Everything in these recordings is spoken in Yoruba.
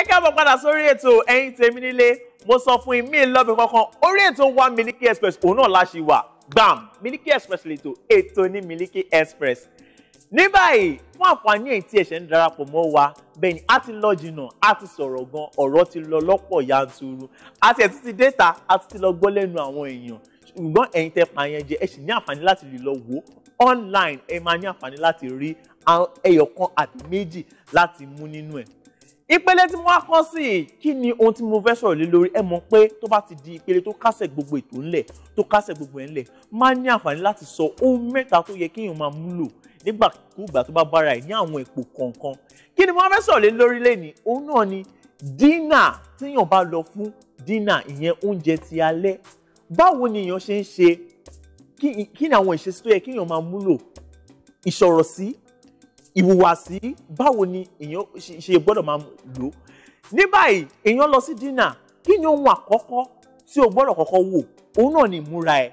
ẹ káàbọ̀ padà sórí ètò ẹ̀yin tèmi nílé mo sọ fún yín mí lọ́bẹ̀ kankan orí ètò wa Miliki Express òun náà la ṣì wà gbàm Miliki Express lètò ètò ní Miliki Express ní báyìí fún àǹfààní èyí tí ẹ̀ṣẹ̀ ń darapọ̀ mọ́ wa bẹ́ẹ̀ ni a ti lọ jìnnà a ti sọ̀rọ̀ gan ọ̀rọ̀ ti lọ lọ́pọ̀ yanturu a ti ẹ̀tún ti déta a ti lọ gbọ́ lẹ́nu àwọn èèyàn ṣùgbọ́n ẹ̀yin tẹ́ pa yẹn jẹ ẹ sì ní àǹfààní láti lè lọ wò online ẹ máa ní àǹfààní láti rí ẹyọ̀kan àti méjì láti mú nínú ẹ̀ ìpele tí mo wá kàn sí i kí ni ohun tí mo fẹ́ sọ̀rọ̀ lé lórí ẹ mọ̀ pé tó bá ti di ìpele tó kásẹ̀ gbogbo ètò ńlẹ̀ tó kásẹ̀ gbogbo ẹ̀ ńlẹ̀ máa ní àǹfààní láti sọ ohun mẹ́ta tó yẹ kéèyàn máa múlò nígbàkúgbà tó bá bára ẹ̀ ní àwọn ipò kọ̀ọ̀kan kí ni mo fẹ́ sọ̀rọ̀ lé lórí lẹ́ni òun náà ni dínà téèyàn bá lọ fún dínà ìyẹn oúnjẹ ti alẹ́ báwo ni èèyàn ṣe ń ṣe kí ni àwọn ìṣesí tó yẹ kéèyàn máa múlò ìṣọ̀rọ̀ sí ìhùwàsí báwo ni èèyàn ṣe gbọ́dọ̀ máa lò ní báyìí èèyàn lọ sí dínà kí ni ohun àkọ́kọ́ tí o gbọ́dọ̀ kọ́kọ́ wò òun náà ni ìmúra ẹ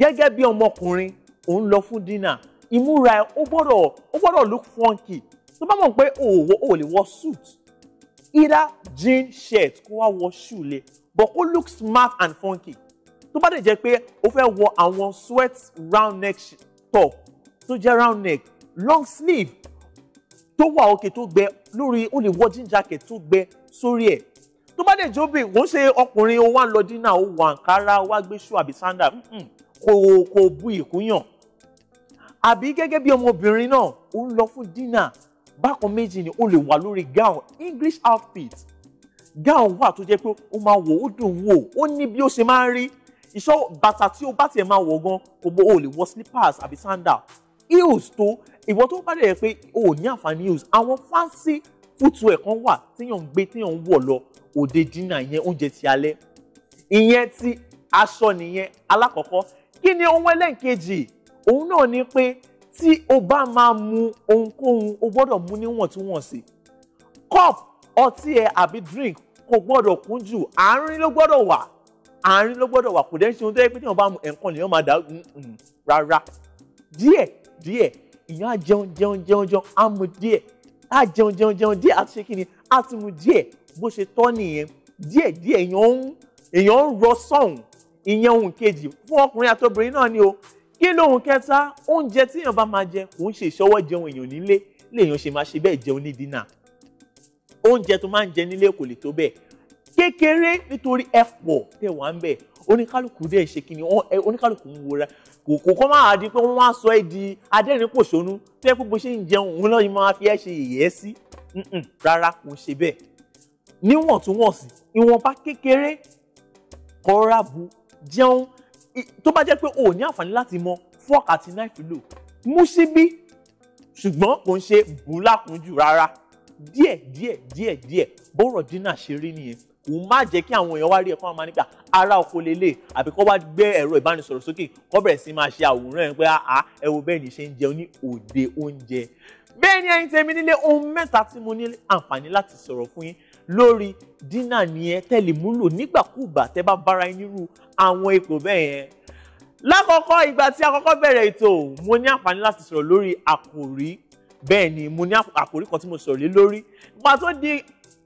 gẹ́gẹ́ bí ọmọkùnrin òun lọ fún dínà ìmúra ẹ ó gbọ́dọ̀ ó gbọ́dọ̀ look funky tó bá mọ̀ pé o ò lè wọ suit either jean shirt kó wá wọ shoe le but kó look smart and funky tó bá dẹ̀ jẹ́ pé o fẹ́ wọ àwọn sweat round neck top tó jẹ́ round neck long sleeve tó wà òkè tó gbẹ lórí ó lè wọ jean jacket tó gbẹ sórí ẹ̀ tó bá dẹ̀ jóbìn kò ń ṣe ọkùnrin ó wá ń lọ dínà ó wọ àǹkárá ó wá gbé ṣú àbí sandal kò kò bu ìkúnyàn àbí gẹ́gẹ́ bí ọmọbìnrin náà ó ń lọ fún dínà bákan méjì ni ó lè wà lórí gown english outfit gown wà tó jẹ́ pé ó máa wò ó dùn wò ó ní bí ó ṣe máa ń rí ìṣọ́ bàtà tí ó bá tiẹ̀ máa wọ̀ gan kò bó o lè wọ slippers àbí sandal heels tó ìwọ tó bá dẹ̀ pé o ò ní àǹfààní heels àwọn fancy footwear kan wà téèyàn ń gbé téèyàn ń wọ̀ lọ òde dínà yẹn oúnjẹ ti alẹ́ ìyẹn ti aṣọ nìyẹn alákọ̀ọ́kọ́ kí ni ohun ẹlẹ́ǹkejì òun náà ni pé tí o bá máa mu ohunkóhun o gbọ́dọ̀ mu níwọ̀ntúnwọ̀nsì cup ọtí ẹ àbí drink kò gbọ́dọ̀ kún jù àárín ló gbọ́dọ̀ wà àárín ló gbọ́dọ̀ wà kò dẹ́n ṣe ohun tó yẹ pé tí wọ́n bá mu ẹ̀ǹkan lèèyàn máa dà rárá díẹ̀ díẹ̀ ìyẹn á jẹun jẹun jẹun jẹun á mu díẹ̀ á jẹun jẹun jẹun díẹ̀ á ti ṣe kí ni á ti mu díẹ̀ bó ṣe tọ́ nìyẹn díẹ̀ díẹ̀ èèyàn ń èèyàn ń rọ sọ̀hún ìyẹn ohun kejì fún ọkùnrin àtobìnrin náà ni o kí lóhun kẹta oúnjẹ tí èèyàn bá máa jẹ kò ń ṣe ìṣọwọ́ jẹun èèyàn nílé léèyàn ṣe máa ṣe bẹ́ẹ̀ jẹun ní dínà oúnjẹ tó máa ń jẹ nílé kò lè tó bẹ́ẹ̀ kékeré nítorí ẹ̀pọ̀ tẹ̀ wá ń bẹ̀ oníkálukú dẹ̀ ṣe kí ni oníkálukú ń wora kò kó máa di pé wọ́n wá sọ ẹ́ di adẹ́rìnpòṣónú tó yẹ pé bó ṣe ń jẹun òun náà yìí máa fi ẹ́ ṣe yẹ̀yẹ́ sí rárá kò ṣe bẹ́ẹ̀ níwọ̀ntúnwọ̀nsì ìwọ̀nba kékeré kọ́ra bu jẹun tó bá jẹ́ pé o ní àǹfààní láti mọ fork àti knife lò mú síbí ṣùgbọ́n kò ń ṣe bùlákùnjù rárá díẹ̀ díẹ̀ díẹ̀ díẹ̀ bọ́rọ̀ dínà ṣe rí nìyẹn kù má jẹ́ kí àwọn èèyàn wá rí ẹ̀ fún àwọn ara ọkọ lélẹ̀ àbí kó wá gbé ẹ̀rọ ìbánisọ̀rọ̀ sókè kó bẹ̀rẹ̀ sí máa ṣe àwòrán ẹ̀ pé àá ah, ah, ẹ wo bẹ́ẹ̀ ni ṣe ń jẹun ní òde oúnjẹ bẹ́ẹ̀ ni ẹ̀yin tèmi nílé ohun mẹ́ta tí mo ní àǹfààní láti sọ̀rọ̀ fún yín lórí dínà ni ẹ tẹ́lẹ̀ múlò nígbàkúùgbà tẹ́ bá bára yín nírú àwọn ipò bẹ́ẹ̀ lákọ̀ọ́kọ́ ìgbà tí a bẹ̀rẹ̀ ètò mo ní àǹfààní láti sọ̀rọ̀ lórí àkòrí bẹ́ẹ̀ ni mo ní àkòrí kan tí mo sọ̀rọ̀ lé lórí ìgbà tó di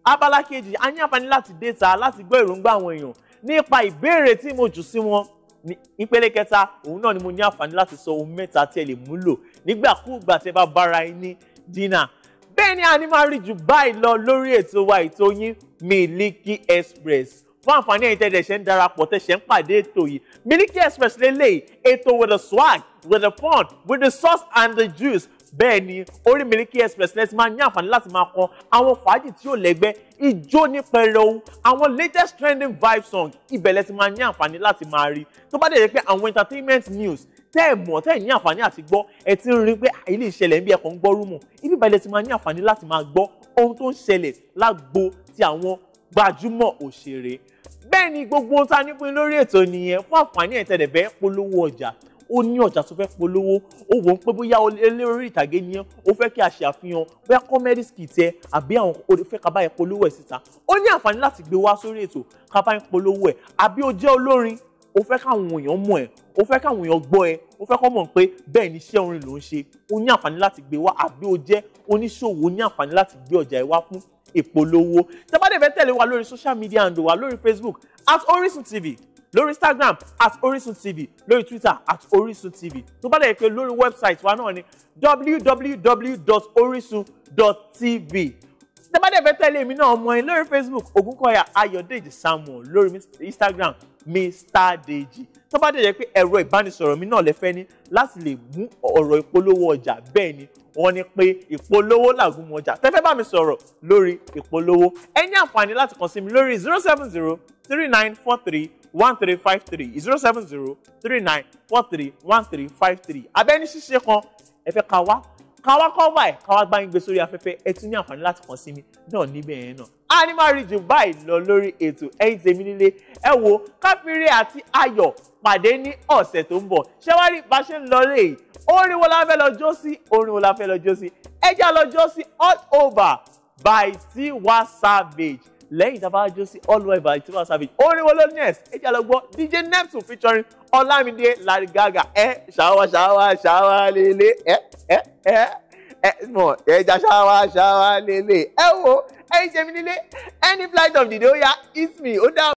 abala kejì a ní àǹfààní láti dé ta láti gbọ́ èròǹgbà àwọn èèyàn nípa ìbéèrè tí mo jù sí wọn ìpele kẹta òun náà ni mo ní àǹfààní láti sọ ohun mẹ́ta tí ẹ lè múlò nígbàkúùgbà tí ẹ bá bára yín ní dínà bẹ́ẹ̀ ni a ní máa rí jù báyìí lọ lórí ètò wa ètò yín Miliki Express fún àǹfààní ẹ̀yin tẹ́lẹ̀ ṣe ń darapọ̀ tẹ́ ń pàdé ètò yìí Miliki Express lélẹ̀ ètò with the swag with the fun with the sauce and the juice bẹ́ẹ̀ ni orí Miliki Express lẹ́sìn máa ní àǹfààní láti máa kọ àwọn fàájì tí yóò lẹ́gbẹ́ ijó ní pẹrẹu àwọn latest trending vibe song ibẹ̀ lẹ́sìn máa ní àǹfààní láti máa rí tó bá dẹ̀ pé àwọn entertainment news tẹ́ ẹ̀ mọ̀ tẹ́ ẹ̀ ní àǹfààní àti gbọ́ ẹ ti ń rí pé ah, ilé ìṣẹ̀lẹ̀ ń bí ẹ̀kọ́ ń gbọ́ rúmọ̀ ibi ìbàlẹ̀ ti máa ní àǹfààní láti máa gbọ́ ohun tó ń ṣẹlẹ̀ lágbo ti àwọn gbajúmọ̀ òṣèré bẹ́ẹ̀ ni gbogbo ohun tá a nípin lórí ètò nìyẹn fún àǹfààní ẹ̀tẹ̀dẹ̀fẹ́ polówó ọjà ó ní ọjà tó fẹ́ polówó ó wò ó pé bóyá eléré ìtàgé ni ó fẹ́ kí a ṣe àfihàn bóyá comedy skit ẹ àbí àwọn olùfẹ́ ká bá yẹn polówó ẹ̀ síta ó ní àǹfààní láti gbé wá sórí ètò ká bá yẹn polówó ẹ̀ àbí ó jẹ́ olórin ó fẹ́ káwọn èèyàn mọ̀ ẹ́ o fẹ́ káwọn èèyàn gbọ́ ẹ ó fẹ́ kọ́ mọ̀ pé bẹ́ẹ̀ ni iṣẹ́ orin ló ń ṣe ó ní àǹfààní láti gbé wá àbí ó jẹ́ oníṣòwò ó ní àǹfààní láti gbé ọjà ẹ wá fún ìpolówó tẹ́ bá dẹ̀ fẹ́ tẹ̀lé wa lórí social media and wa lórí Facebook at Orisun TV lórí instagram at orisun tv lórí twitter at orisun tv tó bá dẹ̀ pé lórí website wa náà ni www.orisun.tv tẹ́ bá dẹ̀ fẹ́ tẹ̀lé mi náà mọ́ ẹ lórí facebook ògúnkọ̀yà ayọ̀dèjì samuel lórí instagram mr deji tó bá dẹ̀ jẹ́ pé ẹ̀rọ ìbánisọ̀rọ̀ mi náà lè fẹ́ ní láti lè mú ọ̀rọ̀ ìpolówó ọjà bẹ́ẹ̀ ni wọ́n ní pé ìpolówó làgùnmu ọjà tẹ́fẹ́ bá mi sọ̀rọ̀ lórí ìpolówó ẹ ní àǹfààní láti kàn sí mi lórí zero seven zero three nine four three 1353 070 39 43 1353 abẹ́ni ṣíṣe kan ẹ fẹ́ ká wá ká wá kọ́ báyìí ká wá gbá yín gbé sórí afẹ́fẹ́ ẹ tún ní àǹfààní láti kàn sí mi náà níbẹ̀ yẹn náà a ní máa rí jù báyìí lọ lórí ètò ẹ̀yin tèmi nílé ẹ wo káfíńrì àti ayọ̀ pàdé ní ọ̀sẹ̀ tó ń bọ̀ ṣé wá rí bá ṣe ń lọ lè orin wo la fẹ́ lọ jó sí orin wo la fẹ́ lọ jó sí ẹ já lọ jó sí all over by Tiwa Savage lẹ́yìn tá a bá jó sí all over by tiwa savage orin wo ló next ẹ jẹ́ lọ gbọ́ dj neptune featuring ọlámídé larigaga ẹ ṣàwá ṣàwá ṣàwá lélẹ̀ ẹ ẹ ẹ ẹ mọ ẹja ṣàwá ṣàwá lélẹ̀ ẹ wo ẹyin ṣe mí nílé any flight of the day ó yá it's me ó dá.